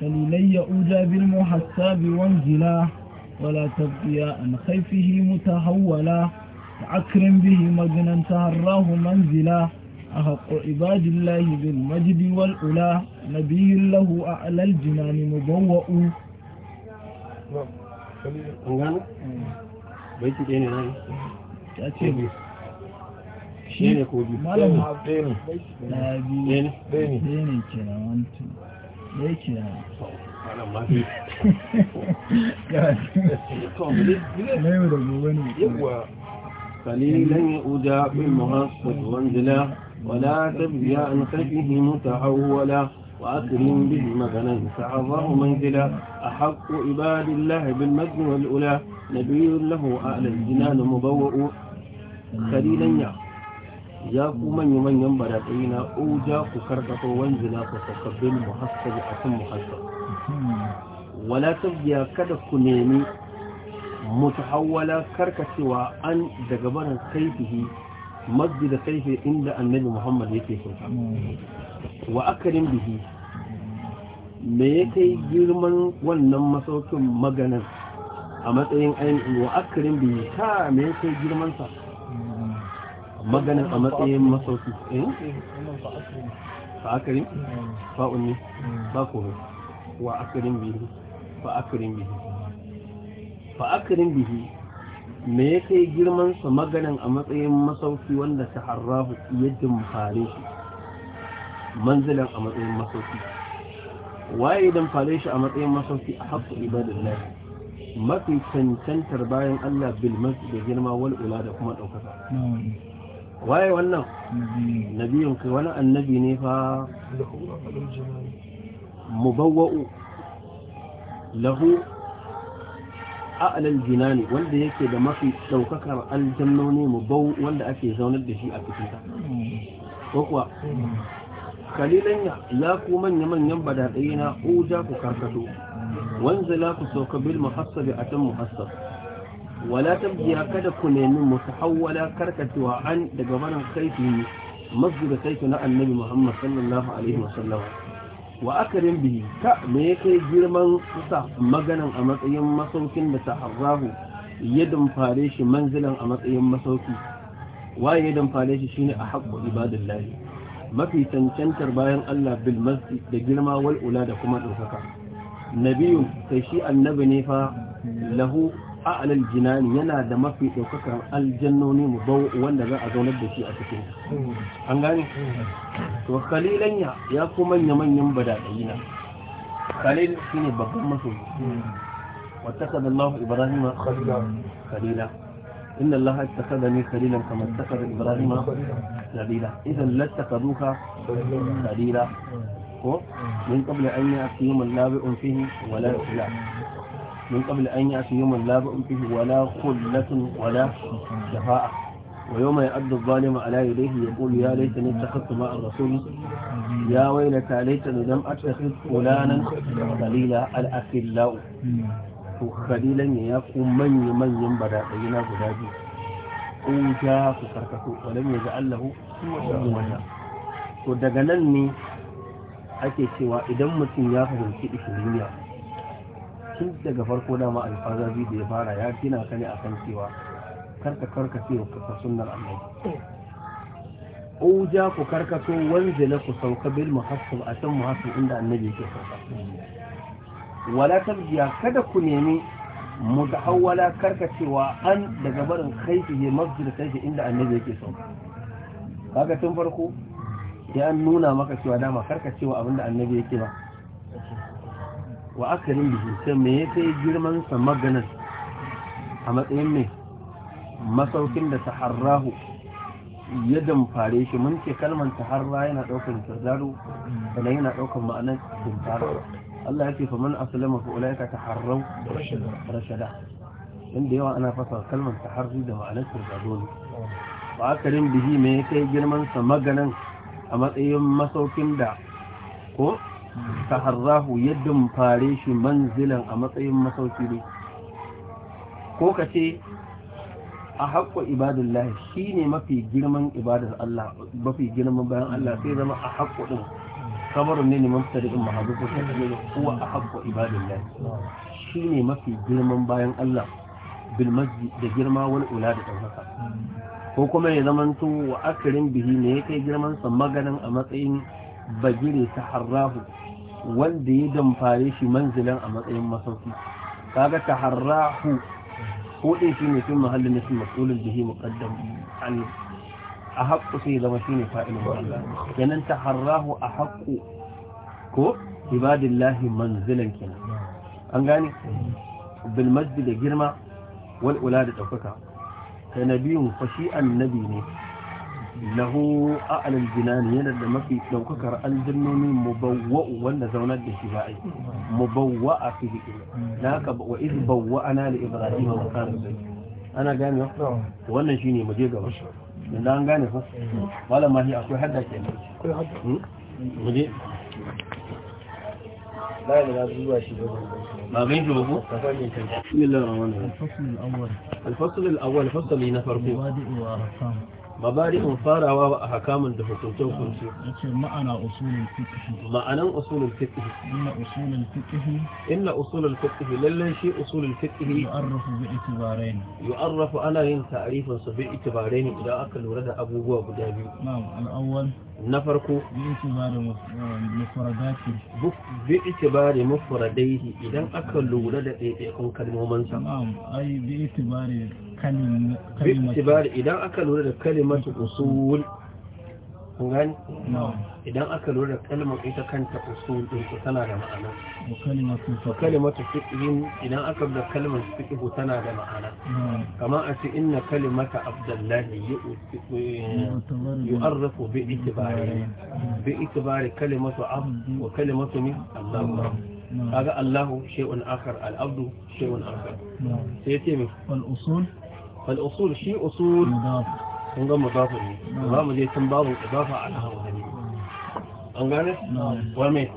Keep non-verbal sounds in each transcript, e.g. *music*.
فللي يؤجى بالمحساب وانزلا ولا تبقي عن خيفه متهولا فأكرم به مجنا تهراه منزلا أحق عباد الله بالمجد والأولى نبي له أعلى الجنان مبوأ shi ne ko biyu ɗaya ne ɗaya ne ɗaya ne kenan wancan ليش يا *laughs* قليلا أجاب وانزلا ولا تبيا عن خفه متعولا وأكرم به مثلا تعظه منزلا أحق عباد الله بالمجد والأولى نبي له أعلى الجنان مبوء خليلا يا ya ku manya manyan baratsayi na oja ku karkato wanzila ku sakabbin muhassab a kan muhassab wala ta biya kada ku nemi mutahawwala karkacewa an daga barin kaifihi masjid kaifi inda annabi muhammad yake so wa akarin bihi me ya kai girman wannan masaukin maganar a matsayin ainihin wa akarin bihi ta me ya kai girmansa maganin a matsayin masauki eh? fa akarin fa unni ba komai wa akarin bihi fa akarin bihi fa akarin bihi me ya girman sa maganin a matsayin masauki wanda ta harrafu yadda mufare shi manzilan a matsayin masauki waye idan fare shi a matsayin masauki a haƙƙo ibadallahi mafi cancantar bayan Allah bil da girma wal ula da kuma ɗaukaka hmm. waye wannan nabiyin kai wani annabi ne fa mubawwa'u lahu a'lal jinani wanda yake da mafi daukakar aljannoni mubawwa wanda ake zaunar da shi a cikin ta ko kuwa kalilan ya ku manya manyan badadai na uja ku karkato wanzala ku sauka bil muhassabi atan muhassab wala tabdiya kada ku nemi mutahawwala karkatuwa an daga barin kaifi masjid kaifi na annabi Muhammad sallallahu alaihi wasallam wa akarin bihi ka me yake girman sa maganan a matsayin masaukin da taharrahu ya dumfare shi manzilan a matsayin masauki Wa ya dumfare shi shine a haqqu ibadillahi mafi cancantar bayan Allah bil masjid da girma wal ula da kuma ɗaukaka Nabiyu sai shi annabi ne fa lahu a'la al-jinan yana da mafi daukakar aljannoni mubaw wanda za a zaunar da shi a cikin hmm. an gane hmm. to khalilan ya ya ko manya manyan badadayina khalil shine babban masoyi واتخذ الله إبراهيم خليلا إن الله اتخذني خليلا كما اتخذ إبراهيم خليلا إذا لا اتخذوك خليلا من قبل أن يأتيهم النابئ فيه ولا إخلاف من قبل أن يأتي يوم لا بأم فيه ولا خلة ولا شفاعة ويوم يعد الظالم على يديه يقول يا ليتني اتخذت مع الرسول يا ويلتى ليتني لم اتخذ فلانا خليلا الاخلاء خليلا يا من من ينبدا بينا غدابي اوجا فكركتو ولم يجعل له وجا to daga nan ne ake cewa idan mutum ya fahimci ishirin tun daga farko dama alfazabi da ya fara ya gina ka ne kan cewa karka ce wa kafa sunnar annabi uja ku wanzu na ku sauka bil muhassab a can muhassab inda annabi yake sauka wala tabiya kada ku nemi mutahawwala cewa an daga barin kaifi ne masjid ke inda annabi yake sauka kaga tun farko ya nuna maka cewa dama cewa abinda annabi yake ba wa akarin bihi sai me ya kai girman sa magana a matsayin mai masaukin da taharrahu ya damfare shi mun ce kalmar taharra yana daukan kirdaro da yana daukan ma'anar kirdaro Allah ya ce fa man aslama fa ulaika taharrau rashada inda yawa ana fasa kalmar taharri da ma'anar kirdaro ne wa akarin bihi me ya kai girman sa magana a matsayin masaukin da ko saharrahu yadda fare shi manzilan a matsayin masauki ne ko ka ce a haƙƙo ibadullahi shi ne mafi girman ibadar Allah mafi girman bayan Allah sai zama a haƙƙo ɗin kamar ne ne da ɗin mahabu ko ta ne kuwa a haƙƙo ibadullahi shi ne mafi girman bayan Allah bilmaji da girma wani ula da ɗaukaka ko kuma ya zamanto wa akirin bihi ne ya kai girman sa maganin a matsayin bagire ta harrahu wanda ya damfare shi manzilan a matsayin masauki kaga ta harrahu ko ɗin shi ne fin mahallin nufin matsolin bihi muƙaddam a haƙƙo sai zama shi ne fa'ilin Allah ta harrahu a haƙƙo ko ibadillahi manzilan kenan an gane bilmajdi da girma wal'ula da ɗaukaka ta nabiyun fashi annabi ne lahu a'lal jinan yana da mafi daukakar aljannoni mubawwa'u wanda zaunar da shi ba ai mubawwa'a fi dhikri da haka wa iz bawwa'ana li ibrahima wa kana ana gane wannan shine mu je gaba da an gane fa wala ma hi akwai hadda ke ne hmm? mu ما بين جوبه بسم الله الرحمن الرحيم الفصل الاول الفصل الاول فصل لنا فرقه وادي وارقام mabari'un farawa wa ahkamun da hukuncin hukunci yace ma'ana usulun fiqh ma'anan usulun fiqh inna usulun fiqh inna usulun fiqh Lallai shi usulul fiqh yu'arrafu bi itibarain yu'arrafu ana yin ta'rifin su bi itibarain idan aka lura da abubuwa guda biyu na'am al-awwal na farko bi itibari eh, mufradati bi itibari mufradaihi idan aka lura da ɗaiɗaikun kalmomansa na'am ai bi itibari باعتبار إذا أكلوا لك كلمة أصول kungan idan aka lura da kalmar ita kanta usul din ko tana da ma'ana wa kalimatu fiqhin idan aka lura kalmar fiqh tana da ma'ana kama a ce inna kalimata abdullahi yu'arrafu bi itibari bi itibari kalimatu abd wa kalimatu min allah kaga allah shay'un akhar al abdu shay'un akhar sai yace mi al usul فالأصول شيء أصول kun ga mudafu ne za mu je can babu idafa a nan wani an gane wame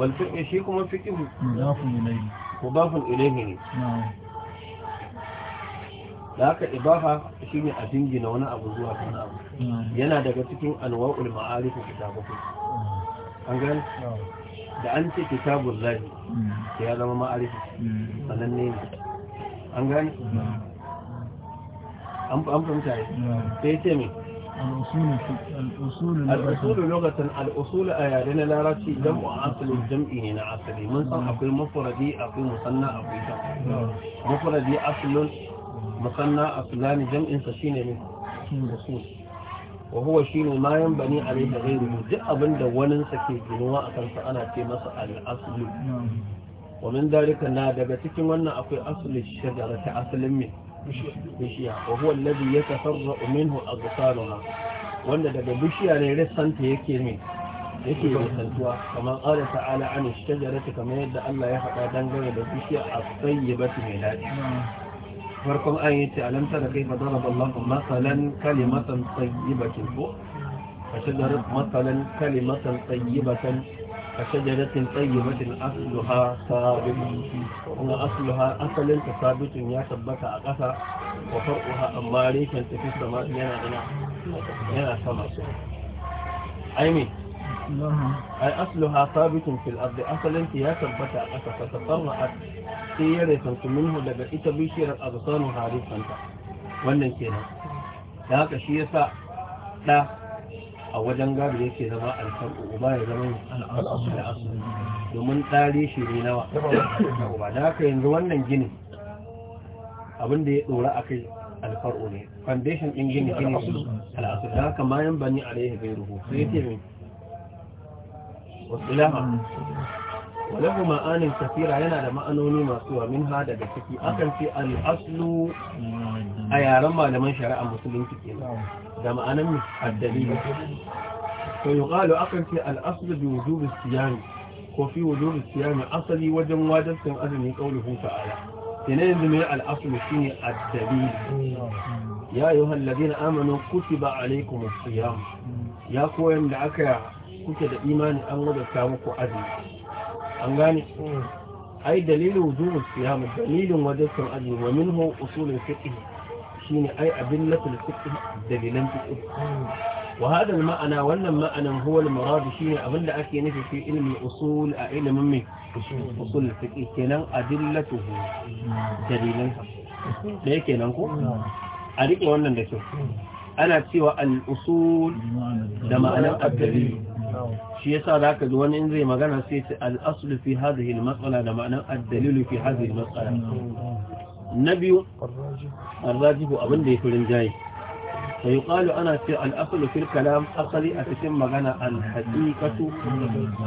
walfiƙi shi kuma fiƙi mudafun ilaihi ne da haka ibafa shi ne a dingina wani abu zuwa wani yana daga cikin alwa'ul ma'arifu kitabukum an gane da an ce kitabun lahi ya zama ma'arifu sananne ne an gane an fahimta ne sai ce mai al'usulu lokacin al'usulu a eh, yare na larabci idan ba asalin jam'i ne na asali mun san akwai mafaradi akwai musanna akwai ta mafaradi asalin musanna a jam'in jam'insa shine ne usul wa huwa shine ma yan bani alaihi ghairu duk abinda wani sa ke ginuwa a kansa ana ce masa al'aslu wa min dalika na daga cikin wannan akwai asalin shajara ta asalin mai bishiya wa huwa alladhi yatafarra'u minhu aghsaluha wanda daga bishiya ne rassanta yake ne yake rasantuwa kamar qala ta'ala an shajarati kamar yadda Allah ya faɗa dangane da bishiya as-sayyibati mai daɗi farkon ayin yace alam tara kayfa daraba Allahu masalan kalimatan sayyibatin ko fa masalan kalimatan sayyibatan كشجرة طيبة أصلها ثابت أن أصلها أصل ثابت يا سبك أقفى وفوقها أماري كانت في السماء ينا غنى ينا سماء مين أي أصلها ثابت في الأرض أصل يا سبك أقفى فتطرعت سيرة منه لبئت بشير الأغصان هارفا wannan kenan da haka shi yasa a wajen gado yake zama alfar'u ba ya zama al'asu da asu domin tsari shi ne nawa na da haka yanzu wannan ginin abinda ya ɗora a kai alfar'u ne foundation ɗin gini gini al'asu da haka mayan bani alaihi bai ruhu sai ya ce wasu ilama وله معان كثيرة ينا لمعنوني ما ha daga ciki akan ce al'aslu a yaren malaman shari'a musulunci كثيرا da ma'anan addalili to yuqalu akan fi al-asl bi wujub as-siyam ko fi wujub as asali wajen wajen wajibin azumi qawluhu ta'ala ina yanzu mai al-asl shine addalili ya ayyuhal ladina amanu kutiba alaykumus siyam ya koyan da aka kuke da imani an samu muku azumi an gane hmm. ai dalilin wujub as-siyam dalilin wajibin azumi wa minhu usul al-fiqh shine ai abin nafil fiqh dalilan fiqh wa hada ma'ana wannan ma'anan huwa al-murad shine da ake nufi fi ilmi usul a ilmin me usul fiqh kenan adillatuhu dalilan da yake nan ko a rike wannan da kyau ana cewa al-usul da ma'anan ad-dalil shi yasa ka ji wani in zai magana sai ce al-asl fi hadhihi al-mas'ala da ma'anan ad-dalil fi hadhihi al-mas'ala na biyu arrajihu abin da ya fi rinjaye fa yuqalu ana ce al-aslu fil kalam asali a cikin magana al-haqiqatu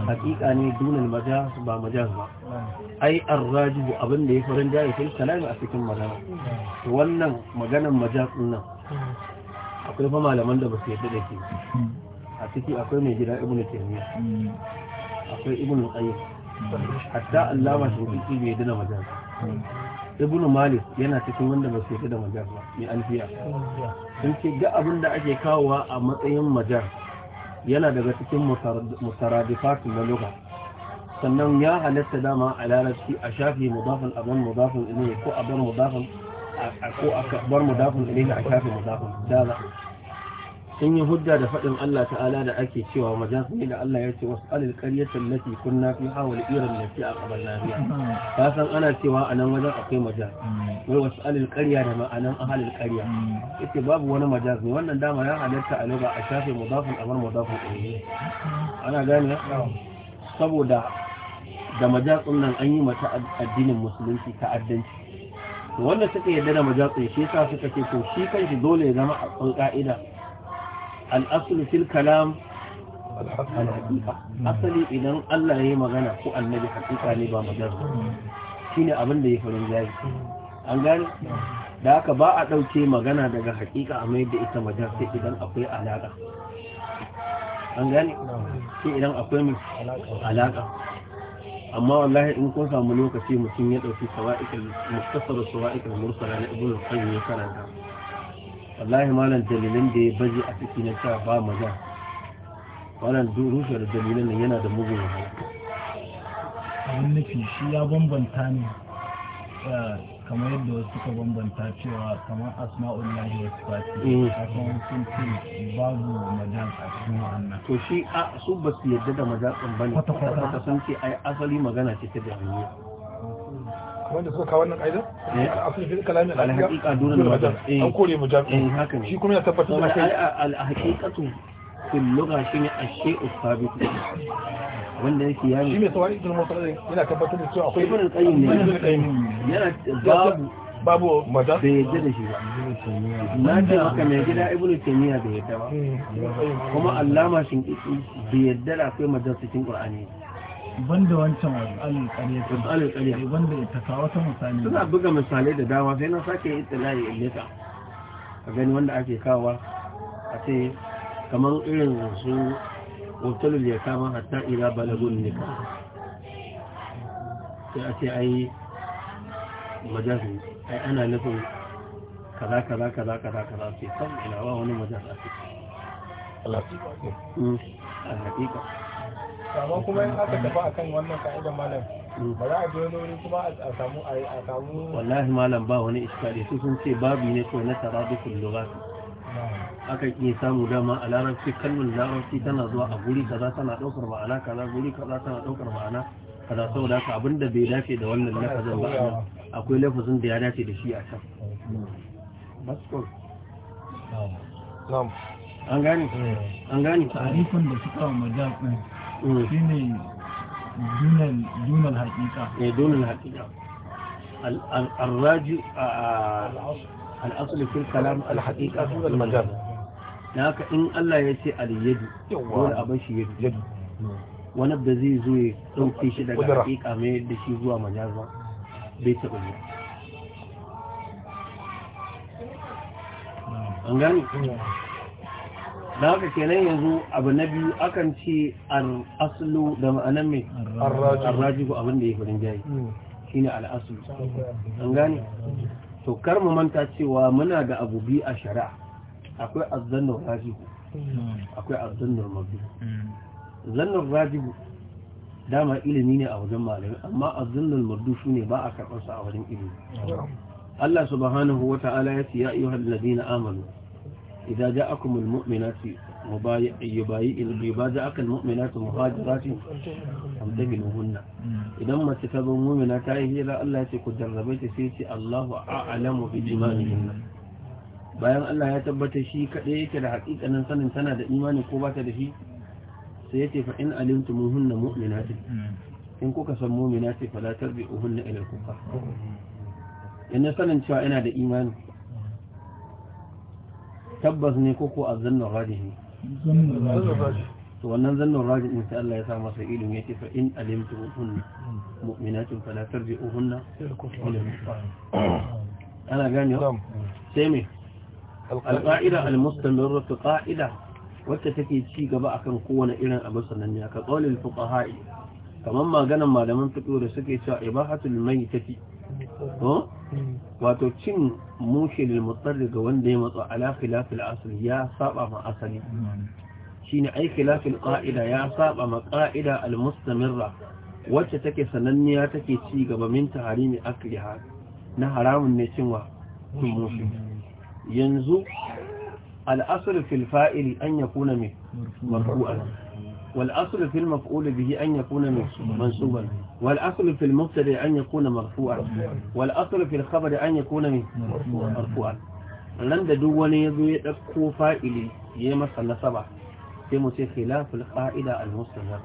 haƙiƙa ne dunan majaz ba majaz ba ai arrajihu abin da ya fi rinjaye fil kalam a cikin magana wannan maganan majaz nan akwai fa malaman da ba su yadda da ke a ciki akwai mai gida ibnu taymiya akwai ibnu qayyim hatta allama shufi'i bai dana majaz ibn malik yana cikin wanda ba su yi da majar ba mai alfiya sun ce ga abin da ake kawowa a matsayin majar yana daga cikin musaradifatu na lugha sannan ya halatta dama a larabci a shafi mudafin abin mudafin ilai ko abin mudafin ko a bar mudafin ilai a shafi mudafin dama sun yi hujja da faɗin Allah ta'ala da ake cewa majasmi da Allah ya ce wasu alil ƙaryatar lati kunna fi hawal iran lati a ƙabar lafiya ta san ana cewa a nan wajen akwai majas hmm. wai wasu alil ƙarya da ma'anan ahalil ƙarya ita hmm. babu wani majas wannan dama ya halarta a lura a shafe mudafin amar mudafin ƙarya ana gane saboda da majasun nan an yi mata addinin musulunci ta'addanci wanda suka yarda da majasun shi sa suka ce to shi kanshi dole ya zama a ka'ida al'asulu fil kalam asali idan Allah ya magana ko annabi hakika ne ba magana shine abin da ya farin jari an gani da haka ba a ɗauke magana daga hakika a mai da ita majar sai idan akwai alaƙa an gani sai idan akwai mai alaƙa amma wallahi in kun samu lokaci mutum ya ɗauki sawa'ikin mustasar sawa'ikin mursala na ibn qayyim ya karanta wallahi malam dalilin da ya baje a ciki na sha ba maza malam rushe da dalilin nan yana da mugun hali abin nufi shi ya bambanta ne eh, kamar yadda wasu suka bambanta cewa kamar asma'ul lahi wasu fati a eh. kan sun ce babu majan a cikin wannan to shi a su ba su yadda da majan ba ne kwata-kwata sun ce ai asali magana ce ta jami'a wanda suka kawo wannan ƙa'idar eh. a sun fi a hakika dunan an kore mu jami'i eh, shi kuma ya tabbatar da kai al-haqiqatu fil lugha shine ash-shay'u thabit wanda yake shi mai yana tabbatar da cewa akwai ne yana babu babu maza da shi na ce maka mai gida ibn taymiya hmm. kuma allama shin bai yadda da akwai maza cikin qur'ani banda wancan alƙalin eh, banda misali suna buga misalai da dama sai na sake yi tilai a gani wanda ake kawa a ce kamar irin su otal ya kama hatta ila balagun ka sai a ce ai majazi ai ana nufin kaza kaza kaza kaza kaza sai kan ilawa wani majazi a ce Allah ya ba hmm. ku amma kuma in aka tafi a kan wannan ka'idar malam ba za a je wani wuri kuma a samu a samu wallahi malam ba wani iskari su sun ce babu ne ko na tara taradukul lughat aka yi samu dama a larabci kalmar larabci tana zuwa a guri kaza tana daukar ma'ana kaza guri kaza tana daukar ma'ana kaza saboda haka abinda bai dace da wannan lafazin ba akwai lafazin da ya dace da shi a can an gani eh. an gani tarifin da suka wa majal Mm. shine dunan dunan haqiqa eh dunan haqiqa الراجع الأصل في الكلام الحقيقة هو المجال لك إن الله يتي اليد دول أبشي يد wani da zai zo ya ɗauke shi daga haƙiƙa mai yadda shi zuwa majaza bai taɓa yi mm. an gani mm. da haka kenan yanzu abu na biyu akan ce al'aslu da ma'anar mai arrajiku abin da ya farin jayi hmm. shi ne al'aslu hmm. an gane to kar mu manta cewa muna da abu biyu a shari'a akwai azannar rajiku hmm. akwai azannar mabi zannar rajiku dama ilimi ne a wajen malami amma azannar mardu shi ne ba a karɓarsa a wajen ilimi Allah subhanahu wa ta'ala ya ce ya ayyuhal ladina amanu إذا جاءكم المؤمنات يبايئ المؤمنات مهاجرات فامتهنوهن إذا ما تتبع ku هي لا الله يتكو جربيت سيسي الله أعلم bayan Allah ya tabbata shi kaɗai yake da haƙiƙanin sanin tana da imani ko ba ta da shi sai ya ce fa in alimtu muhunna mu'minatin in kuka san mu'minati fala tarbi'uhunna ila kufa in sanin cewa ina da imani tabbas ne ko a azzannu rajih ne to wannan zannin rajin in sai Allah ya sa masa ilimi yake fa in alimtu hunna mu'minatin fala tarji'u hunna ana gani sai alƙa'ida alqa'ida almustamirra ƙa'ida wacce take ci gaba akan kowane irin abu sananne aka qawlil fuqaha'i kaman maganan malaman fiqh da suke cewa ibahatul maytati to wato cin mushi lil ga wanda ya matsa alafilafil asali ya saba ma asali shine ai khilafil qa'ida ya saba ma ƙa'ida almustamirra mustamirra wacce take sananniya take ci gaba min taharimi akliha na haramun ne cinwa cin mushi yanzu al asl fa'ili an yakuna mai marfu'an والأصل في المفعول به أن يكون منصوبا والأصل في المفتد أن يكون مرفوعا والأصل في الخبر أن يكون مرفوعا لماذا دواني يدكو فائلي يما صلى سبع تمسي خلاف القائدة المستهى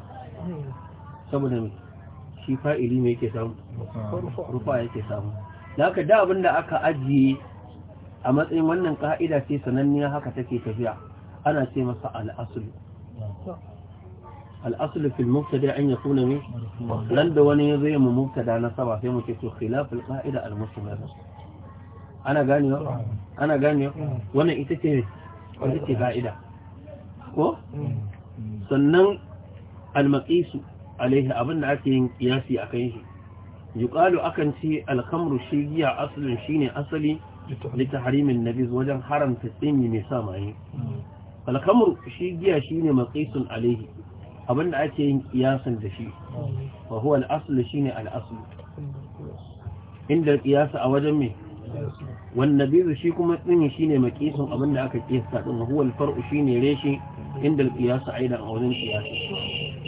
سبع نمي شي فائلي ميك يسام رفع يك يسام لكن دابن لأك أجي أما إن ونن قائدة سننيها كتكي تفيع أنا سيما سأل أصل الأصل في المبتدا أن يكون مين لن دواني زي مبتدا نصب في مكتو خلاف القاعدة المستمرة أنا قاني أنا قاني وانا إتتي إتتي قاعدة ko sannan almaqisu alaihi abinda ake yin kiyasi a kan shi yuqalu akan ce alkamru shi giya asalin shine asali li na nabi wajen haramta tsini mai sa maye alkamru shi shine maqisun alaihi abin da ake yin kiyasan da shi wa huwa al-asl shine al inda kiyasa a wajen me wannan bizu shi kuma tsini shine makisin abin da aka kiyasa din huwa al-far'u shine reshi inda kiyasa aidan a wajen kiyasa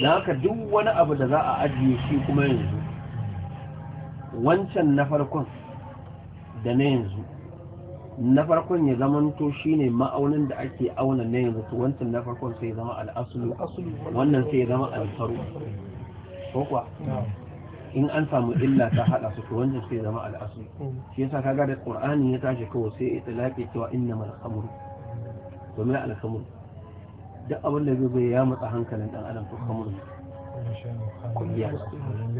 da haka duk wani abu da za a ajiye shi kuma yanzu wancan na farkon da na yanzu na farkon ya zamanto shine ma'aunin da ake auna ne yanzu to wancan na farkon sai ya zama al'asulu wannan sai ya zama alfaru ko kuwa in an samu illa ta hada su to wancan sai ya zama al'asulu shi yasa kaga da qur'ani ya tashi kawo sai ya tilaki cewa innamal khamru to me al khamru duk abin da zai bai ya matsa hankalin dan adam to khamru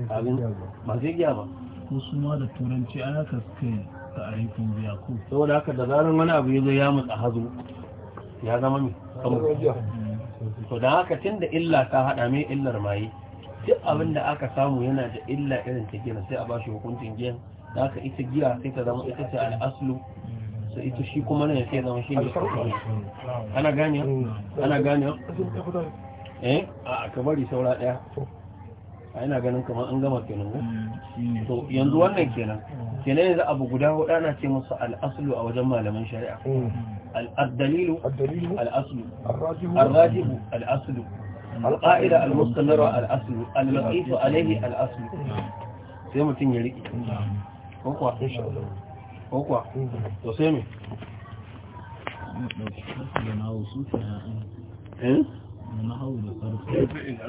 abin ba zai giya ba musu ma da turanci ana kaskai. ta'arifin biya ku saboda haka da zarar wani abu ya zo ya mutsa hazo ya zama mai to da haka tun da illa ta hada mai illar maye duk abin da aka samu yana da illa irin ta gina sai a ba shi hukuncin giya da haka ita gina sai ta zama ita ce al'aslu su ita shi kuma ne sai zama shi ne ana gane mm. ana gane eh a kabari saura daya. a ina ganin kamar an gama kenan mm, to yanzu wannan kenan kenan yanzu abu guda hudu ana ce musu al'asulu a wajen malaman shari'a a الأصل الراجب الأصل القائدة المستمرة al'asulu, المقيت عليه al'asulu, sai mutum ya riƙe mm. kwakwa kwakwa mm. to sai mai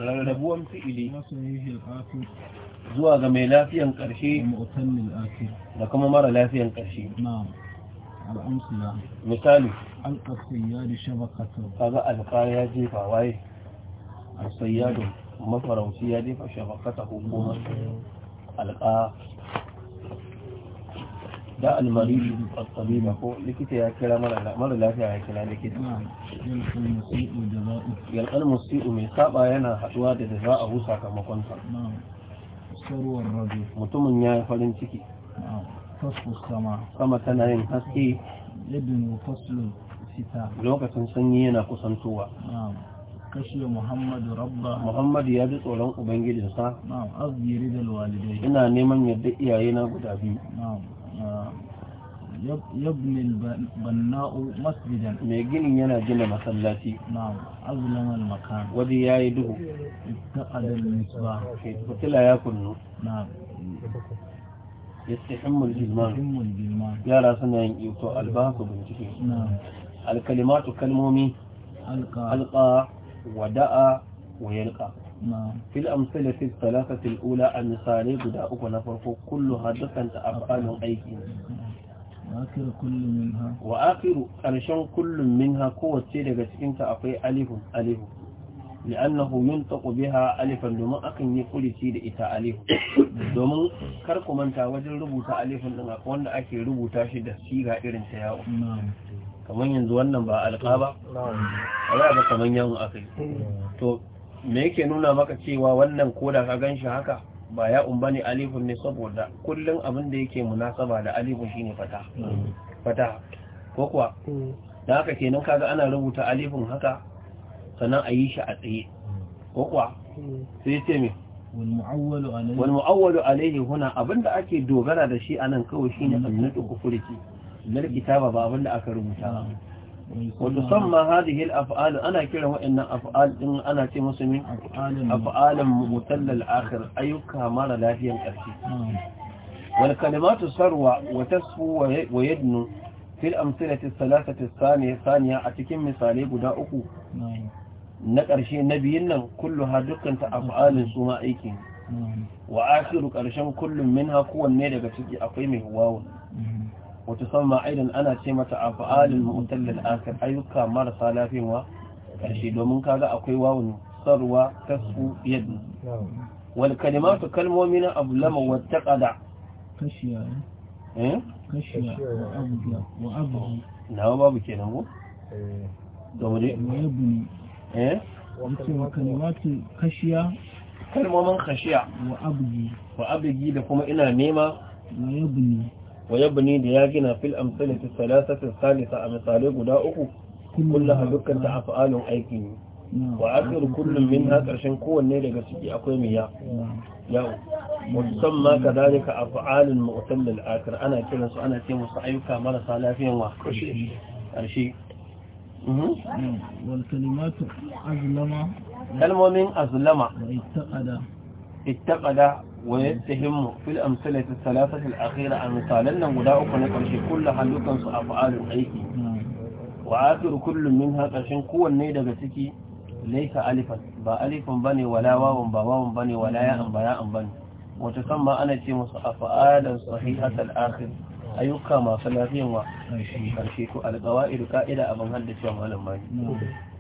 rarrabuwan fi'ili zuwa ga mai lafiyan ƙarshe da kuma mara lafiyan ƙarshe misali kaga alƙa ya jefa waye a sayyadun mafarauci ya jefa shafakata hukumar alƙa da almarishi a tsamima ko likita ya kira mara lafiya ya kira likita yalƙar musi'u mai saba yana haɗuwa da da za a husa rabi mutumin ya yi farin ciki sama tana yin haske lokacin sanyi yana kusantowa kashe Muhammadu Rabba. Muhammadu ya ji tsoron Ubangijinsa. Na'am, azgiri da walidai. Ina neman yadda iyaye na guda biyu. يبني البناء mai ginin yana gina masallaci na'am azlam al makan yayi duhu ittaqad al misbah fitila ya kunnu na'am يستحم الجزمان يا راسنا يوتو الباس وبنتكي نعم الكلمات كلمومي ألقى ألقى ودأ ويلقى Fil'am amsala fi salasati al-ula a misalai guda uku na farko kullu hadathan ta afalun aiki wa akiru karshen kullum minha kowace daga cikin ta akwai alifun alifu li'annahu yuntaqu biha alifan domin akan yi kulici da ita alifu domin kar ku manta wajen rubuta alifun din akwai wanda ake rubuta shi da siga irin ta yawo kamar yanzu wannan ba alƙa ba ba kaman yawon akai to me yake nuna maka cewa wannan koda ka gan shi haka ba ya umbani alifun ne saboda kullum abin da yake munasaba da alifun shine fata fata ko kuwa da haka kenan kaga ana rubuta alifun haka sannan a yi shi a tsaye ko kuwa sai ce me wal mu'awwalu alaihi huna abinda ake dogara da shi anan kawai shine annatu kufuriki lil kitaba ba abinda aka rubuta وتسمى هذه الأفعال أنا كلا وإن أفعال إن أنا في مسلمين أفعال مثل الآخر أيك مال لا هي الأرشي والكلمات سروى وتسفو ويدنو في الأمثلة الثلاثة الثانية الثانية أتكم مثالي قداء أخو نقرشي نبينا كلها دقة أفعال سمائك وآخر قرشان كل منها قوة نيدك تجي أقيمه واو wata samma aidan ana ce mata a fa’adin mutallin akar ayyuka marasa lafiyawa ƙarshe domin kaga akwai wawon tsarwa ta yadda wani kalima su abu lama wata ƙada kashiya wa abu ne wa abu ne wa babu ne? eh? wa kashiya kalmomin kashiya wa abu ne da kuma ina nema wa yabni da ya gina fil amsalati salasati salisa a misalai guda uku kullaha dukkan ta afalun aiki ne wa akhir kullum min ha karshen kowanne daga ciki akwai miya yau musamma kadalika afalun mu'tallil akhir ana kiran su ana ce musu ayyuka marasa lafiyan wa karshe ويتهم في الأمثلة الثلاثة الأخيرة مثالا وداء كنكر شيء كل حلوكا أفعال أيكي وآخر كل منها قشن قوة نيدة بسكي ليس ألفا با ألف بني ولا واو با واو بني ولا ياء با ياء بني وتسمى أنا تيمس أفعال صحيحة الآخر أيوكا ما صلاتين وشيكو القوائد كائدة أبن هدف يوم هلم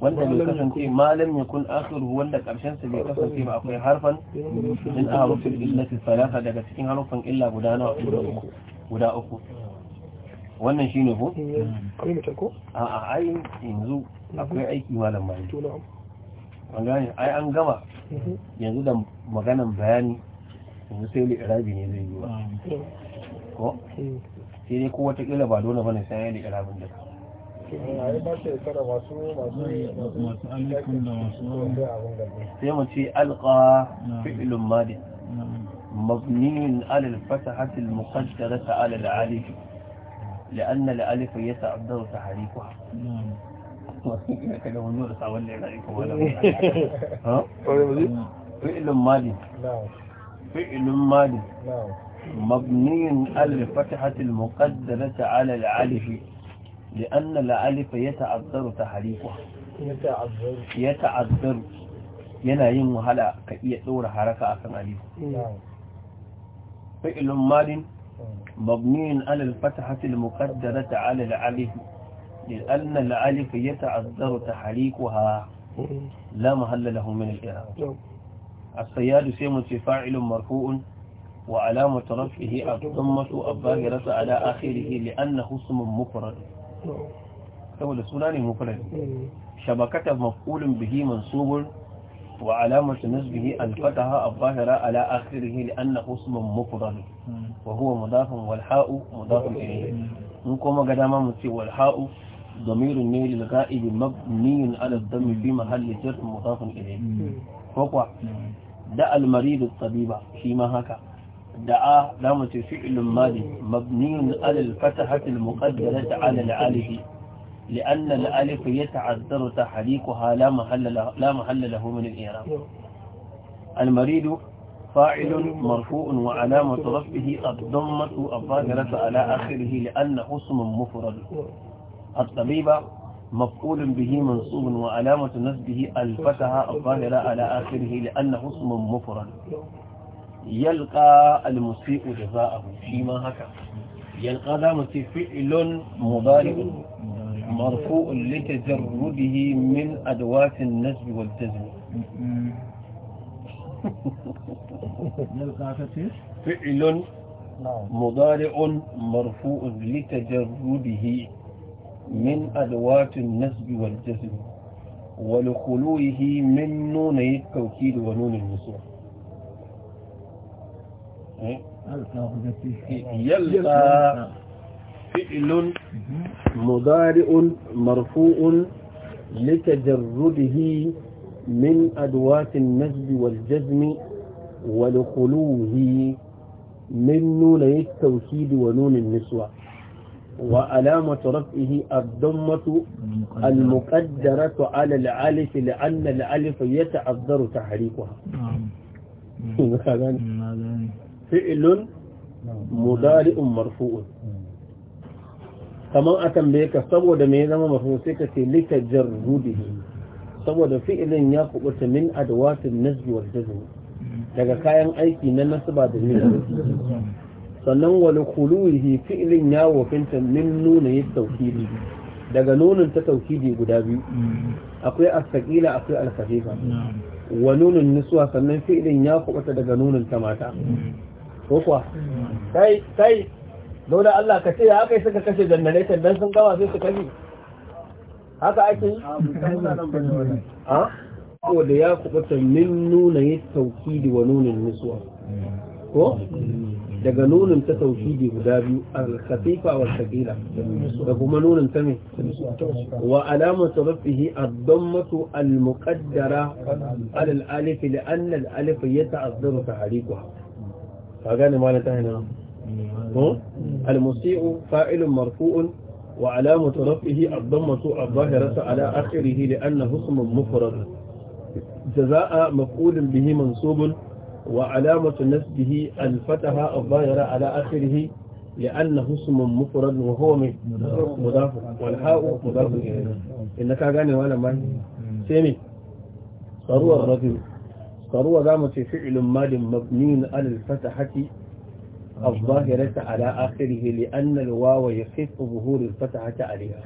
wanda bai kasance malam ya kun akhiru wanda karshen sa bai kasance ba akwai harfan min ahrufil illati salasa daga cikin harufan illa guda nawa guda uku wannan shine ko ku. a a ai yanzu akwai aiki malam mai an gane ai an gama mhm. yanzu da maganan bayani yanzu sai li irabi ne zai yi wa ko sai dai ko wata kila ba dole bane sai ya li irabin da ka sai mu ce alqa مبني على الفتحة المقدرة على العالف لأن الألف يتعذر تحريكها فعل ماضي فعل مالي مبني على الفتحة المقدرة على العالف لأن الألف يتعذر تحريفها يتعذر يتعذر yin wahala هلا iya tsora haraka akan alif fi'lun malin mabniin ala al-fathati al-muqaddarati لأن الألف يتعذر تحريكها لا محل له من الإعراب نعم. الصياد سيم فاعل مرفوع وعلامة رفعه الضمة الظاهرة على آخره لأنه اسم مفرد saboda suna ne mufrad hmm. shabakata maf'ulin bihi mansubun wa alamatu nasbihi alfataha fataha ala zahira ala akhirih li'annahu ismun mufrad hmm. wa huwa mudafun wal ha'u ilayhi mun hmm. kuma ga dama mu ce wal ha'u ضمير النيل niyun مبني على الضم في محل جر مضاف إليه فوقع دع المريض الطبيب فيما haka. da'a namu ce fi'ilun mali mabniyun alal fatahatil muqaddarati ala al-alifi li anna al-alif yata'azzaru tahliquha la mahalla la mahalla lahu min al-i'rab al-marid فاعل مرفوع وعلامة رفعه الضمة الظاهرة على آخره لأنه اسم مفرد الطبيب مفعول به منصوب وعلامة نسبه الفتحة الظاهرة على آخره لأنه اسم مفرد يلقى المسيء جزاءه فيما هكا يلقى ذا مسيء فعل مضارع مرفوع لتجرده من أدوات النسب والجزم يلقى فعل مضارع مرفوع لتجرده من أدوات النسب والجزم ولخلوه من نون التوكيد ونون النسوح إيه؟ يلقى فعل مضارع مرفوع لتجرده من أدوات النسب والجزم ولخلوه من نون التوكيد ونون النسوة وعلامة رفعه الضمة المقدرة على العلف لأن العلف يتعذر تحريكها نعم. *laughs* fi'ilun mudari'un marfu'un kamar a tambaye ka saboda me zama mafi sai ka ce lika jarrudihi saboda fi'ilin ya kubuta min adwatin nasbi wal jazm daga kayan aiki na nasaba da nuna sannan wal khuluhi fi'ilin ya wakinta min nuna yi tawkili daga nunin ta tawkili guda biyu akwai as-saqila akwai al wa nunun niswa sannan fi'ilin ya kubuta daga nunin ta mata ko kuwa sai sai dole Allah ka ce ya kai suka kashe generation dan sun gawa sai su kashe haka ake yi *laughs* a wanda ya kubuta min nuna ya tauki wa nunin nisuwa ko daga nunin ta tauki guda biyu al-khafifa wal thaqila da kuma nunin ta me wa alamatu rafihi ad-dammatu al-muqaddara ala al-alif li anna al-alif yata'addaru tahriquha ka gane malam ta hanyar ko al fa'ilun marfu'un wa alamatu rafihi ad-dammatu adh-dhahiratu ala akhirih li'annahu ismun mufrad jazaa'a maf'ulun bihi mansubun wa alamatu nasbihi al-fataha adh-dhahira ala akhirih لأنه اسم مفرد وهو مضاف والحاء مضاف إليه إنك أغاني وأنا ما سيمي صروة الرجل ثروة زامة فعل مال مبني على الفتحة الظاهرة على آخره لأن الواو يخف ظهور الفتحة عليها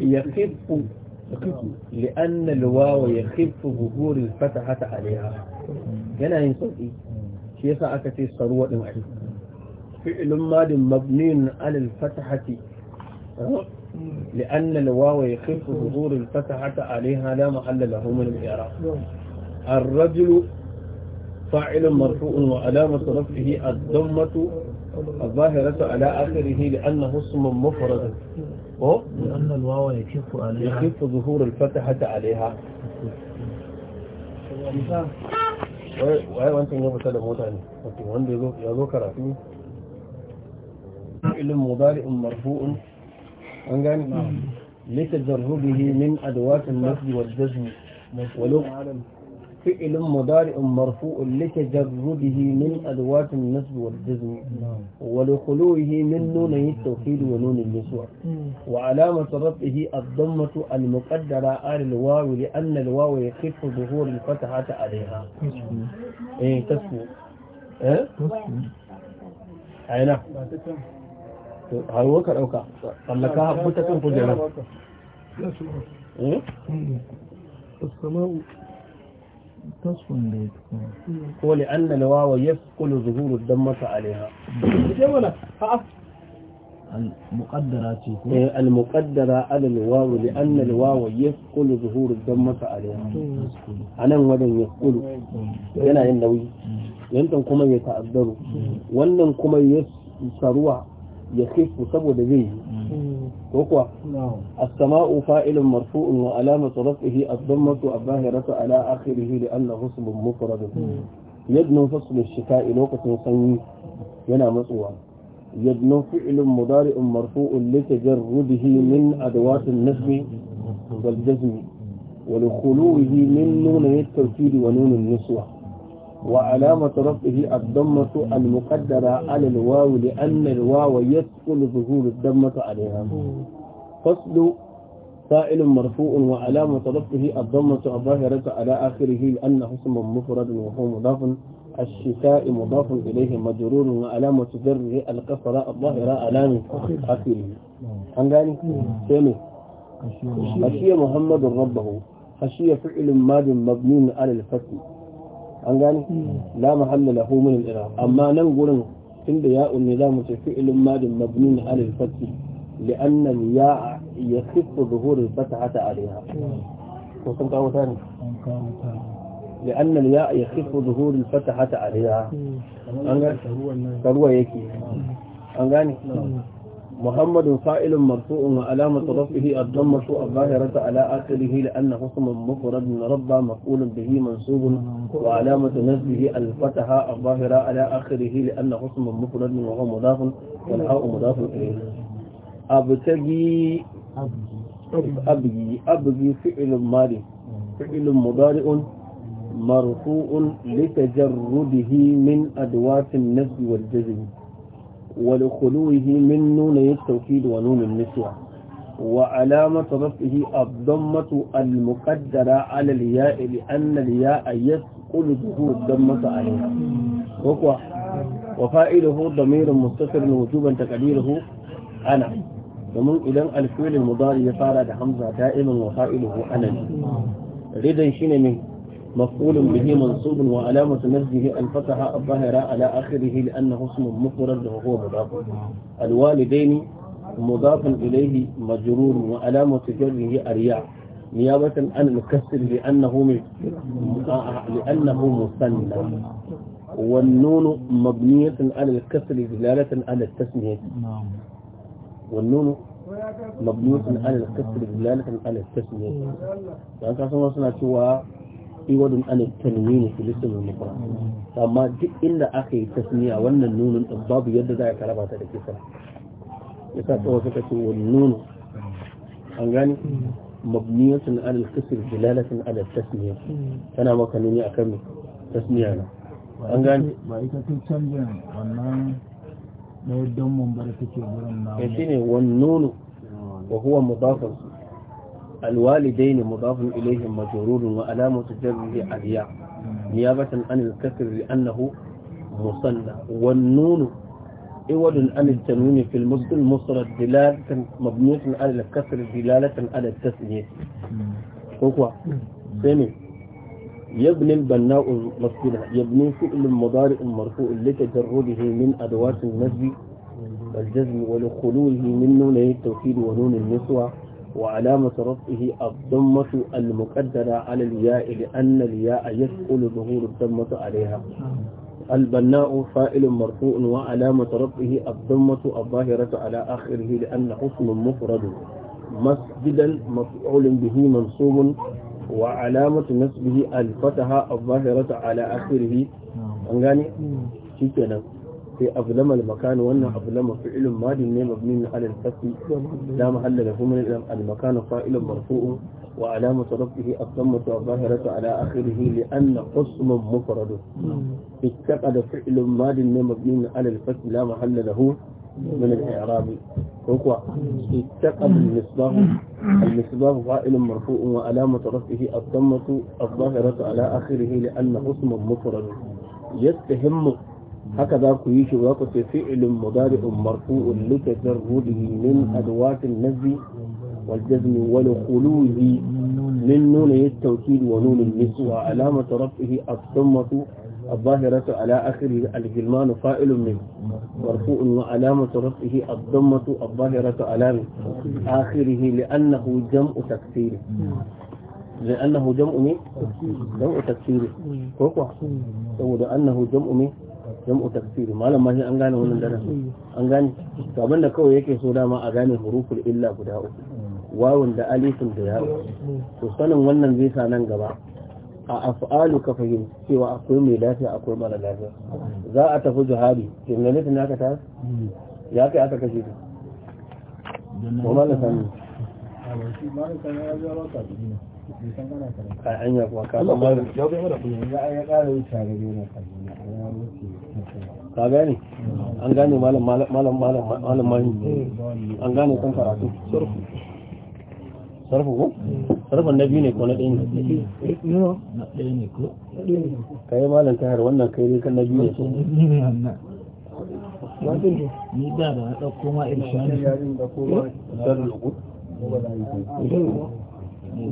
يخف لأن الواو يخف ظهور الفتحة عليها كان yin sauƙi shi yasa فعل مال saruwa على الفتحة لأن الواو يخف ظهور الفتحة عليها لا محل له من الإعراب الرجل فاعل مرفوع وعلامة رفعه الضمة الظاهرة على آخره لأنه اسم مفرد لأن الواو يخف عليها يكف ظهور الفتحة عليها wai wancan ya fita da mota ne wanda ya zo karatu ilin mudari'in marfu'un an gane lita jarrubihi min adwatin nafi wal فعل مضارع مرفوع لتجربه من أدوات النصب والجزم ولخلوه من نوني التوحيد ونون النسوة وعلامة ربه الضمة المقدرة على الواو لأن الواو يخف ظهور الفتحة عليها إيه تسمو إيه؟ to haruwa ka ɗauka tsallaka haɓu ta kan kujera ko an na wawa ya kulu zuhuru don masa alaiha المقدرة المقدرة على الواو لأن الواو يثقل ظهور الضمة عليها أنا ودن يثقل هنا النوي ينتم كما يتأذروا وأنهم كما يسروا ya kifu saboda zai yi ko kuwa as-sama'u fa'ilun marfu'un wa alamatu raf'ihi az-dammatu az-zahiratu ala akhirih li anna husbun mufrad yadnu fasl ash-shita'i lokacin sanyi yana matsuwa yadnu fi'lun mudari'un marfu'un li tajarrudihi min adawati an-nasb wal jazm wa li khuluwihi min nun at-tawkid wa nun an-niswah وعلامة رفعه الضمة المقدرة على الواو لأن الواو يدخل ظهور الضمة عليها فصل سائل مرفوع وعلامة رفعه الضمة الظاهرة على آخره لأنه اسم مفرد وهو مضاف الشتاء مضاف إليه مجرور وعلامة جره القصر الظاهرة على آخره حنجاني سيمي خشية محمد ربه خشية فعل ماد مبني على الفتح an gane la mahalla lahu min amma nan gurin inda ya umi za mu ce fi'lun madin mabni min alif ya yasifu zuhur al-fatha ta alayha to sun ya yasifu zuhur al-fatha ta alayha an gane ruwan nan ruwa محمد فائل مرفوع وعلامة رفعه الضمة الظاهرة على آخره لأنه اسم مفرد رب مفعول به منصوب وعلامة نسبه الفتحة الظاهرة على آخره لأنه اسم مفرد وهو مضاف والحاء مضاف إليه أبتغي أبغي أبغي فعل ماضي فعل مضارع مرفوع لتجرده من أدوات النسب والجزم ولخلوه من نوني التوكيد ونون النسوة وعلامة رفعه الضمة المقدرة على الياء لأن الياء يسقل ظهور الضمة عليها وقوة وفائله ضمير مستقر وجوبا تقديره أنا ومن إذا الفعل المضارع يفعل حمزة دائما وفائله أنا ردا شين منه مفعول به منصوب وعلامة نزله الفتحة الظاهرة على آخره لأنه اسم مفرد وهو مضاف الوالدين مضاف إليه مجرور وعلامة جره أرياء نيابة عن المكسر لأنه لأنه مثنى والنون مبنية على الكسر دلالة على التسمية نعم. والنون مبنية على الكسر دلالة على التسمية يعني iwadun an tanwini fil amma duk inda aka yi tasniya wannan nunun din babu yadda za ka ta da kisa yasa suka ce nunu an gani mabniyatun tana maka nuni na an gani ba ita canjin wannan na yadda mun bar na ya eh, shine wannan nunu wa huwa mudafun الوالدين مضاف إليهم مجرور وألامة جره الياء نيابة عن الكسر لأنه مصنع والنون إود عن التنوين في المد المصر دلالة مبنية على الكسر دلالة على التسمية كوكوا سامي يبني البناء المسجد يبني فعل مضارع مرفوع لتجرده من أدوات النسب والجزم ولخلوه من نون التوكيد ونون النسوة وعلامة رفعه الضمة المقدرة على الياء لأن الياء يثقل ظهور الضمة عليها البناء فائل مرفوع وعلامة رفعه الضمة الظاهرة على آخره لأن اسم مفرد مسجدا مفعول به منصوب وعلامة نسبه الفتحة الظاهرة على آخره أنغاني شكرا في أظلم المكان وأن أظلم فعل ماضي مبني على الفتح لا محل له من المكان فائل مرفوع وعلامة رفعه الضمة الظاهرة على آخره لأن قسم مفرد اتقد فعل ماضي مبني على الفتح لا محل له من الإعراب هو اتقد المصباح المصباح فائل مرفوع وعلامة رفعه الضمة الظاهرة على آخره لأن قسم مفرد يتهم هكذا كويش وقت فعل مضارع مرفوع لتجرده من أدوات النزل والجزم ولخلوه من نون التوكيد ونون النسوة وعلامة رفعه الضمة الظاهرة على آخره الجلمان فائل منه مرفوع وعلامة رفعه الضمة الظاهرة على آخره لأنه جمع تكسير لأنه جمع من جمع تكسير كوكو سود أنه جمع من jam'u tafsiri malam ma an gane wannan daren an gane to abin da kawai yake so dama a gane huruful illa guda uku wawun da alifin da ya to sanin wannan zai sa nan gaba a af'alu ka fahimci cewa akwai mai lafiya akwai mara lafiya za a tafi jihadi jimnalitin ka ta ya kai aka kashe ta kuma na sanin a hanya kuwa kasa mara ya kai mara kuma ya ƙara wuce a gari na ka gane an gane malam malam mani an gane kan karatu sarfu sarfu ko sarfu na biyu ne ko na ɗaya ne ko? na ɗaya ne ko ka yi malam tayar wannan kai ne kan na biyu ne ko? ni da da ɗauko ma irshani to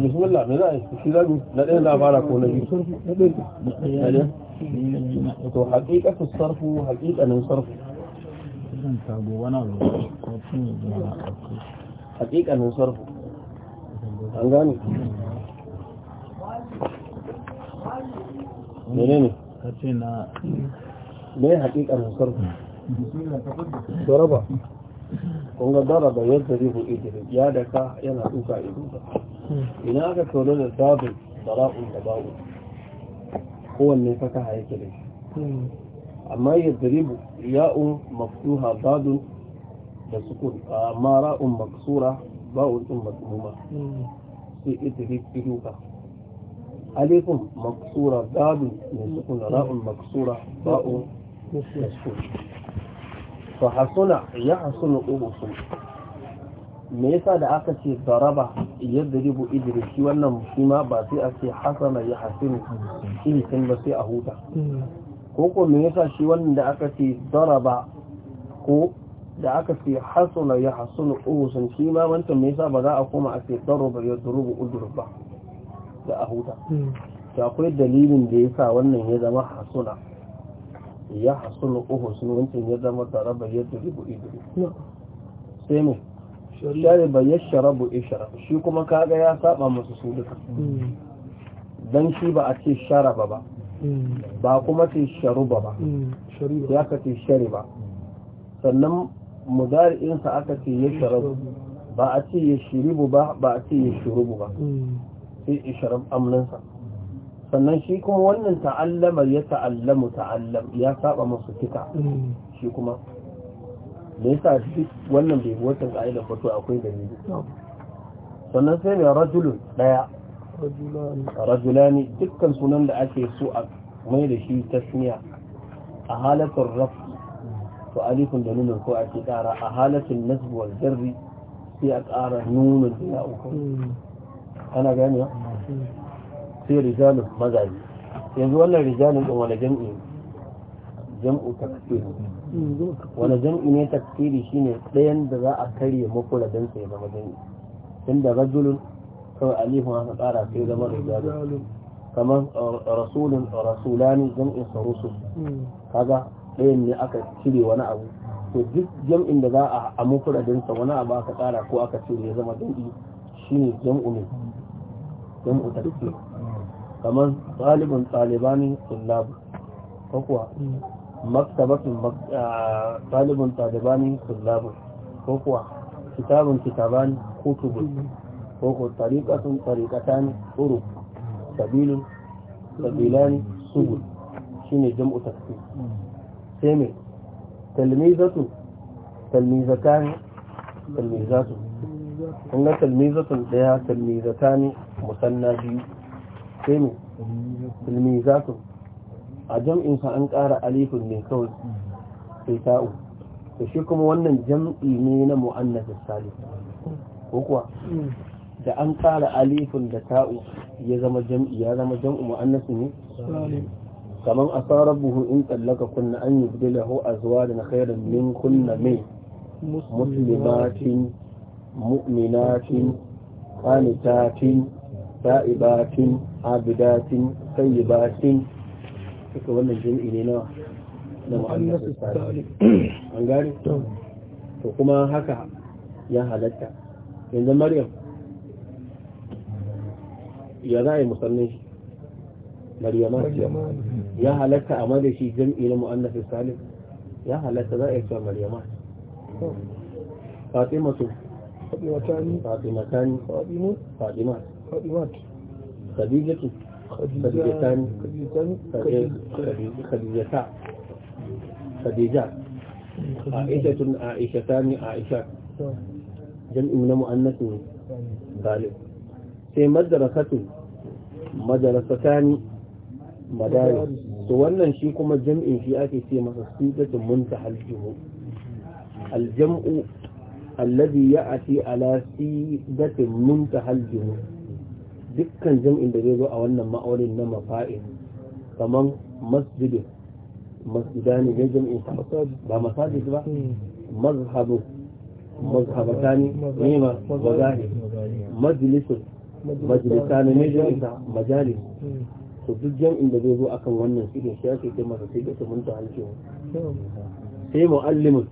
bismillah me za a yi shi za na ɗaya za a fara ko na biyu to haƙiƙa haƙiƙanin sarfu haƙiƙanin sarfu an gane mene ne me haƙiƙanin sarfu to raba kunga ga daraba yadda rihu idris ya daka yana duka iduka ina aka tsoro da sabon bara'un da ba'u kowanne fata haike da shi amma yadda rihu ya'un mafsuha badun da sukun amma ra'un maksura ba'un din matmuma sai idris iduka alifun maksura badun da sukun ra'un maksura ba'un da sukun to hasuna ya hasuna ubusun me yasa da aka ce daraba yadda ribu idrisi wannan shi ba sai a ce hasana ya hasinu ihsan ba sai a huta koko ko me yasa shi wannan da aka ce daraba ko da aka ce hasuna ya hasuna ubusun shi ma wancan me yasa ba za a koma a ce daraba ya durubu udurba da a huta hmm. akwai dalilin da ya sa wannan ya zama hasuna ya hasulu uku sun wancan ya zama tare bayyar da ribu idu sai mu shari'ar bayyar sharabu ishara shi kuma kaga ya saba masu su duka hmm. don shi ba a ce sharaba ba hmm. ba kuma ce sharuba ba hmm. ya ka ce shari ba sannan mudari'insa aka ce ya sharabu ba a ce ya shiribu ba ba a ce ya shirubu ba sai isharar amninsa sannan shi kuma wannan ta'allamar ya ta'allamu ta'allam ya saba masu fita mm. shi kuma da ya sa shi wannan bai wata ka'idar fato akwai da ne sannan sai mai rajulun daya rajulani dukkan sunan da ake so a mai da shi tasniya a halatar rafi to alifin da nunan ko ake kara a halatin nasbuwar jarri sai a kara nunin da ya uku mm. ana gani sai rijalun mazaje yanzu wannan rijalun ɗin wani jam'i jam'u takfiri wani jam'i ne takfiri shine ɗayan da za a karye don sai zama jam'i tunda rajulun kawai alifin aka tsara sai zama rijalun kamar uh, rasulun rasulani jam'in sarusu kaga ɗayan ne aka cire wani abu to duk jam'in da za a amu kuradinsa wani abu aka tsara ko aka cire ya zama jam'i shine jam'u ne jam'u takfiri kamar ɗalibin ɗalibani tullabu ko kuwa maktabatun ɗalibin ɗalibani tullabu ko kuwa kitabun kitabani kutubun ko kuwa tariƙatun tariƙatani uru sabilun sabilani subul shine jam'u tafi sai mai talmizatu talmizatani talmizatu kun talmizatun ɗaya talmizatani musanna biyu sai mu ilmi za su a jam'in sa an ƙara alifin ne kawai sai ta'u da shi kuma wannan jam'i ne na mu'annas salim ko kuwa da an ƙara alifin da ta'u ya zama jam'i ya zama jam'u mu'annas ne kamar a kaman buhu in tsallaka kunna an da na khairan min kunna mai muslimatin mu'minatin qanitatin sa'ibatin abidatin sayyibatin suka wannan jami'i ne nawa na mu'annasu salih an gari to kuma haka ya halatta yanzu maryam ya za a yi musamman shi maryama ya halatta a mada shi jam'i na mu'annasu salih ya halatta za a yi cewa maryama fatima su fatimatani fatimatani fatimu fatimat فاطمات خديجة خديجتان خديجتان خديجات عائشة عائشتان عائشات جمع مؤنث غالب sai madarasatu madarasatani madaris to wannan shi kuma jam'in shi ake ce masa sigatun muntahal jumu aljam'u alladhi ya'ti ala sigatin muntahal jumu dukkan jam'in da zai zo a wannan ma'aunin na mafa'il kaman masjidin masjidani ne jam'in ba masajid ba mazhabu mazhabatani ne ma mazahir majalisun majalisani ne jam'in majalis to duk jam'in da zai zo akan wannan shirin shi ake kai masa sai ta mun ta halke sai muallimun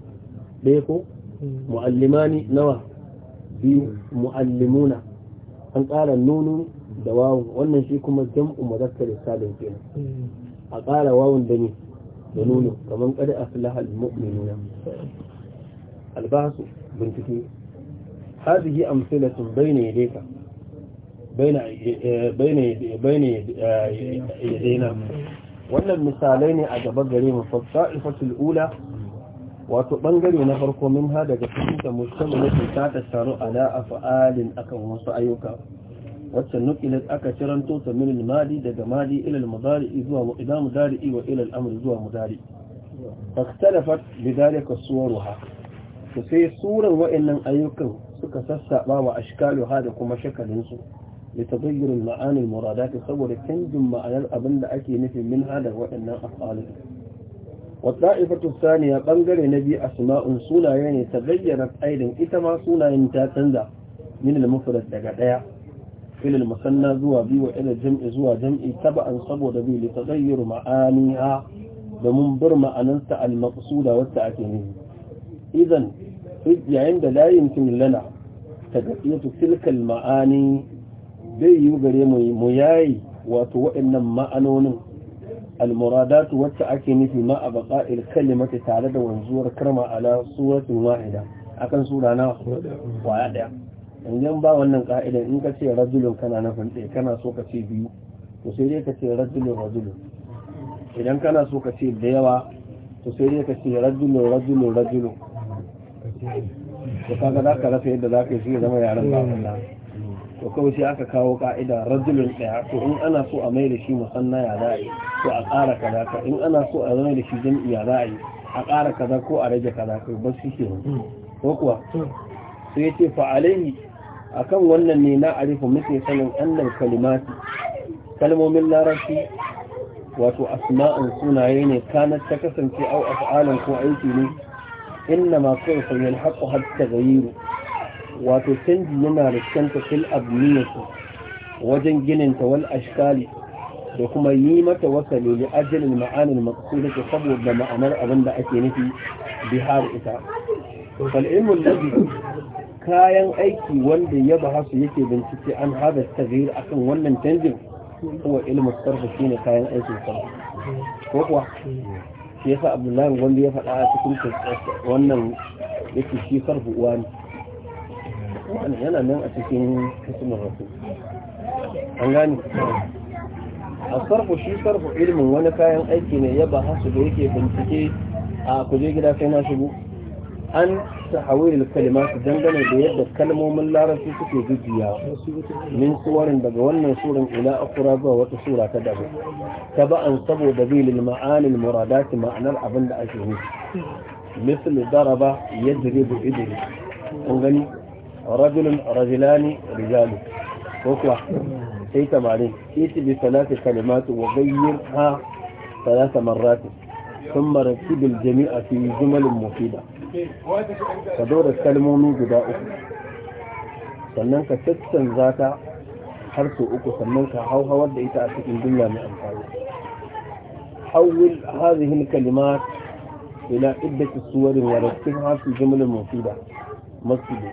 ɗaya ko hmm. muallimani nawa biyu muallimuna an ƙara nunu da wawun wannan shi kuma jam'u muzakkar salim kenan a ƙara wawun da ne da nunu kamar qad aflaha almu'minuna albasu bincike هذه أمثلة بين يديك بين بين بين يدينا wannan misalai ne a gaba gare mu fasa'ifatul ula wato bangare na farko min ha daga fahimta musamman na cuta ta taru a na'afa'alin akan wasu ayyuka wacce nukilis aka ciran tota min limadi daga madi ilil mazari zuwa ma'ida mazari iwa ilil amur zuwa mazari fastalafat bidare ka suwar ha su sai suran wa'annan ayyukan suka sassaɓa wa ashikalu ha da kuma shakalinsu da ta zayyarin ma'anin murada saboda canjin ma'anar abin da ake nufin min ha daga wa'annan afalin والطائفة الثانية بنجر نبي أسماء سنة يعني تغيرت أيضا إتما سنة انتا تندى من المفرد دقايا إلى المثنى زوا بي وإلى الجمع زوا جمع تبعا صبو دبي لتغير معانيها بمنبر معننت المقصودة والتأكيد إذن إذ عند لا يمكن لنا تغطية تلك المعاني بي يغري مياي وتوئنا معنون wacce ake nufi ma a المرادات والتأكين فيما أبقاء الكلمة تعالى وانزور كرمة على صورة واحدة أكن صورة ناخر وعادة إن ba wannan ka'idan in ka ce rajulun kana nufin ɗaya kana so ka ce biyu to sai dai ka ce rajulun rajulun idan kana so ka ce da yawa to sai dai ka ce rajulun rajulun rajulun to kaga za ka rasa yadda za ka yi shi zama yaren ba to kawai sai aka kawo ka'ida rajulun daya to in ana so a mai da shi musanna ya za'a yi to a ƙara kaza ka in ana so a zama da shi jam'i ya za'a a ƙara kaza ko a rage kaza kai ba su ke hmm. ko kuwa hmm. sai ya ce fa alaihi akan wannan ne na arifu muke sanin annal kalimati kalmomin larabci wato asma'un sunaye ne kanar ta kasance au af'alan ko aiki ne inna ma kawai fa yalhaqu hatta ghayiru wato canji yana da riskanta fil abniyatu wajen ginin ta wal ashkali da kuma yi mata wasali li ajalin ma'anin maqsudati saboda ma'anar abin da ake nufi bihar ita fal ilmu kayan aiki wanda ya bahasu yake bincike an hada a akan wannan canjin huwa ilmu shine kayan aikin sarf ko kuwa shi yasa abdullahi wanda ya faɗa a cikin wannan yake shi uwa ne yana nan a cikin hismin rasu an gani a sarfu shi sarfu ilimin wani kayan aiki ne ya ba hasu da yake bincike a kuje gida sai na shigo an tahawilil kalimatu dangane da yadda kalmomin larabci suke jujjuyawa min suwarin daga wannan suran ila akura zuwa wata sura ta daban taba'an saboda bilil ma'anil muradati ma'anar abin da ake nufi misali daraba yadribu idris an gani رجل رجلان رجال اوكوا اي تمارين ايت بثلاث كلمات وغيرها ثلاث مرات ثم رتب الجميع في جمل مفيدة فدور من جداء سننك ستسا ذاتا حرث اوكو سننك حوها ود ايتا اتكين دنيا من أمفال حول هذه الكلمات الى عدة صور ورتبها في جمل مفيدة مصدر